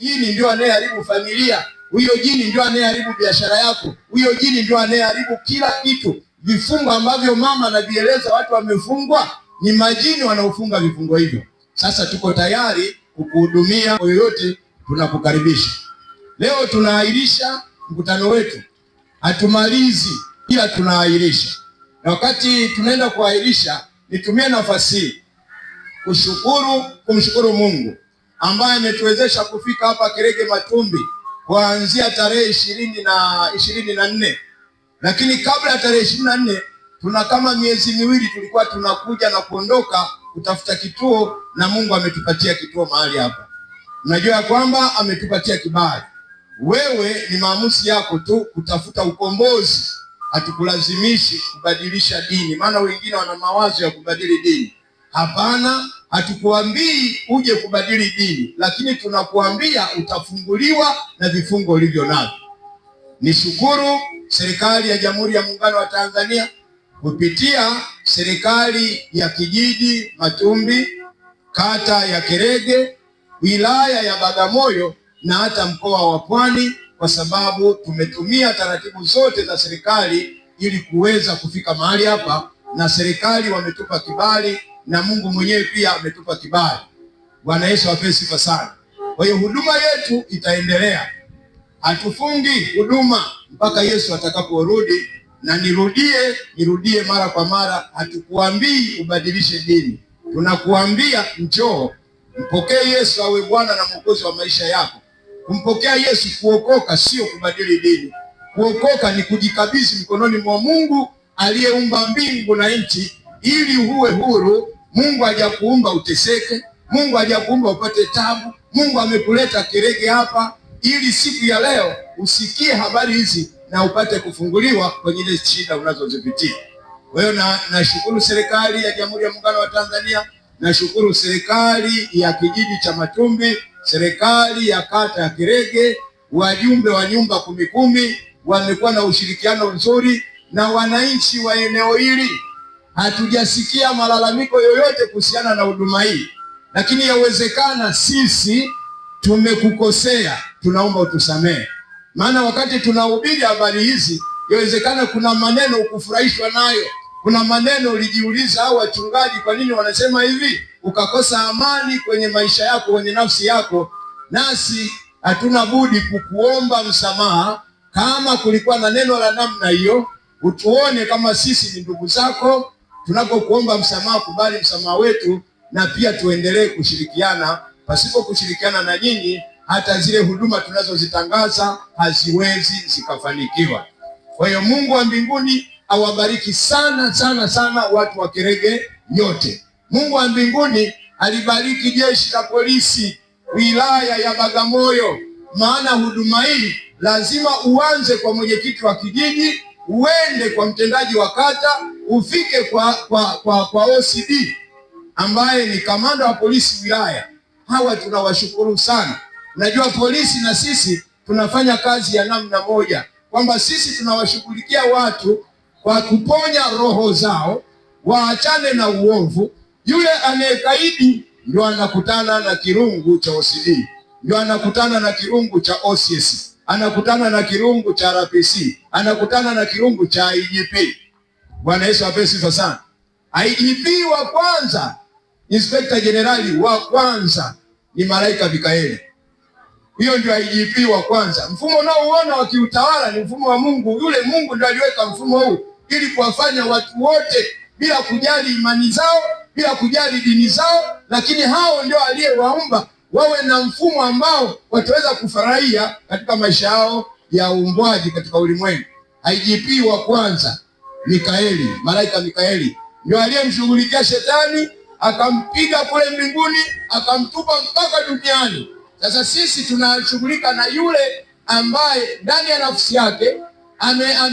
jini ndio anayeharibu familia, huyo jini ndio anayeharibu biashara yako, huyo jini ndio anayeharibu kila kitu. Vifungo ambavyo mama anavieleza watu wamefungwa ni majini wanaofunga vifungo hivyo. Sasa tuko tayari kukuhudumia yoyote, tunakukaribisha. Leo tunaahirisha mkutano wetu, hatumalizi ila tunaahirisha. Na wakati tunaenda kuahirisha, nitumie nafasi kushukuru, kumshukuru Mungu ambaye ametuwezesha kufika hapa Kerege Matumbi kuanzia tarehe ishirini na ishirini na nne, lakini kabla ya tarehe ishirini na nne tuna kama miezi miwili tulikuwa tunakuja na kuondoka kutafuta kituo, na Mungu ametupatia kituo mahali hapa. Unajua ya kwamba ametupatia kibali. Wewe ni maamuzi yako tu kutafuta ukombozi, hatukulazimishi kubadilisha dini, maana wengine wana mawazo ya kubadili dini. Hapana. Hatukuambii uje kubadili dini, lakini tunakuambia utafunguliwa na vifungo ulivyo navyo. Nishukuru serikali ya Jamhuri ya Muungano wa Tanzania kupitia serikali ya kijiji Matumbi, kata ya Kerege, wilaya ya Bagamoyo na hata mkoa wa Pwani, kwa sababu tumetumia taratibu zote za serikali ili kuweza kufika mahali hapa, na serikali wametupa kibali na Mungu mwenyewe pia ametupa kibali. Bwana Yesu apewe sifa sana. Kwa hiyo huduma yetu itaendelea, hatufungi huduma mpaka Yesu atakaporudi. Na nirudie nirudie mara kwa mara, hatukuambii ubadilishe dini, tunakuambia njoo mpokee Yesu awe Bwana na Mwokozi wa maisha yako. Kumpokea Yesu, kuokoka sio kubadili dini. Kuokoka ni kujikabidhi mikononi mwa Mungu aliyeumba mbingu na nchi, ili uwe huru Mungu hajakuumba uteseke, Mungu hajakuumba upate tabu. Mungu amekuleta kirege hapa ili siku ya leo usikie habari hizi na upate kufunguliwa kwenye ile shida unazozipitia. Kwa hiyo na nashukuru serikali ya Jamhuri ya Muungano wa Tanzania, nashukuru serikali ya kijiji cha Matumbi, serikali ya kata ya kirege wajumbe wa nyumba kumi kumi wamekuwa na ushirikiano mzuri na wananchi wa eneo hili hatujasikia malalamiko yoyote kuhusiana na huduma hii, lakini yawezekana sisi tumekukosea, tunaomba utusamehe. Maana wakati tunahubiri habari hizi, yawezekana kuna maneno ukufurahishwa nayo, kuna maneno ulijiuliza, au wachungaji, kwa nini wanasema hivi, ukakosa amani kwenye maisha yako, kwenye nafsi yako, nasi hatuna budi kukuomba msamaha kama kulikuwa na neno la namna hiyo. Utuone kama sisi ni ndugu zako tunapokuomba msamaha, kubali msamaha wetu, na pia tuendelee kushirikiana. Pasipo kushirikiana na nyinyi, hata zile huduma tunazozitangaza haziwezi zikafanikiwa. Kwa hiyo Mungu wa mbinguni awabariki sana sana sana watu wa Kerege yote Mungu wa mbinguni alibariki jeshi la polisi wilaya ya Bagamoyo, maana huduma hii lazima uanze kwa mwenyekiti wa kijiji, uende kwa mtendaji wa kata ufike kwa, kwa, kwa, kwa OCD ambaye ni kamanda wa polisi wilaya. Hawa tunawashukuru sana. Najua polisi na sisi tunafanya kazi ya namna moja, kwamba sisi tunawashughulikia watu kwa kuponya roho zao waachane na uovu. Yule anayekaidi ndio anakutana na kirungu cha OCD, ndio anakutana na kirungu cha OCS, anakutana na kirungu cha RPC, anakutana na kirungu cha IGP. Bwana Yesu apewe sifa sana. IGP wa kwanza, Inspekta Jenerali wa kwanza ni Malaika Mikaeli. Hiyo ndio IGP wa kwanza. Mfumo unaouona wa kiutawala ni mfumo wa Mungu. Yule Mungu ndio aliweka mfumo huu ili kuwafanya watu wote bila kujali imani zao, bila kujali dini zao, lakini hao ndio aliyewaumba wawe na mfumo ambao wataweza kufurahia katika maisha yao ya uumbwaji katika ulimwengu. IGP wa kwanza Mikaeli, malaika Mikaeli ndio aliyemshughulikia shetani akampiga kule mbinguni akamtupa mpaka duniani. Sasa sisi tunashughulika na yule ambaye ndani ya nafsi yake ame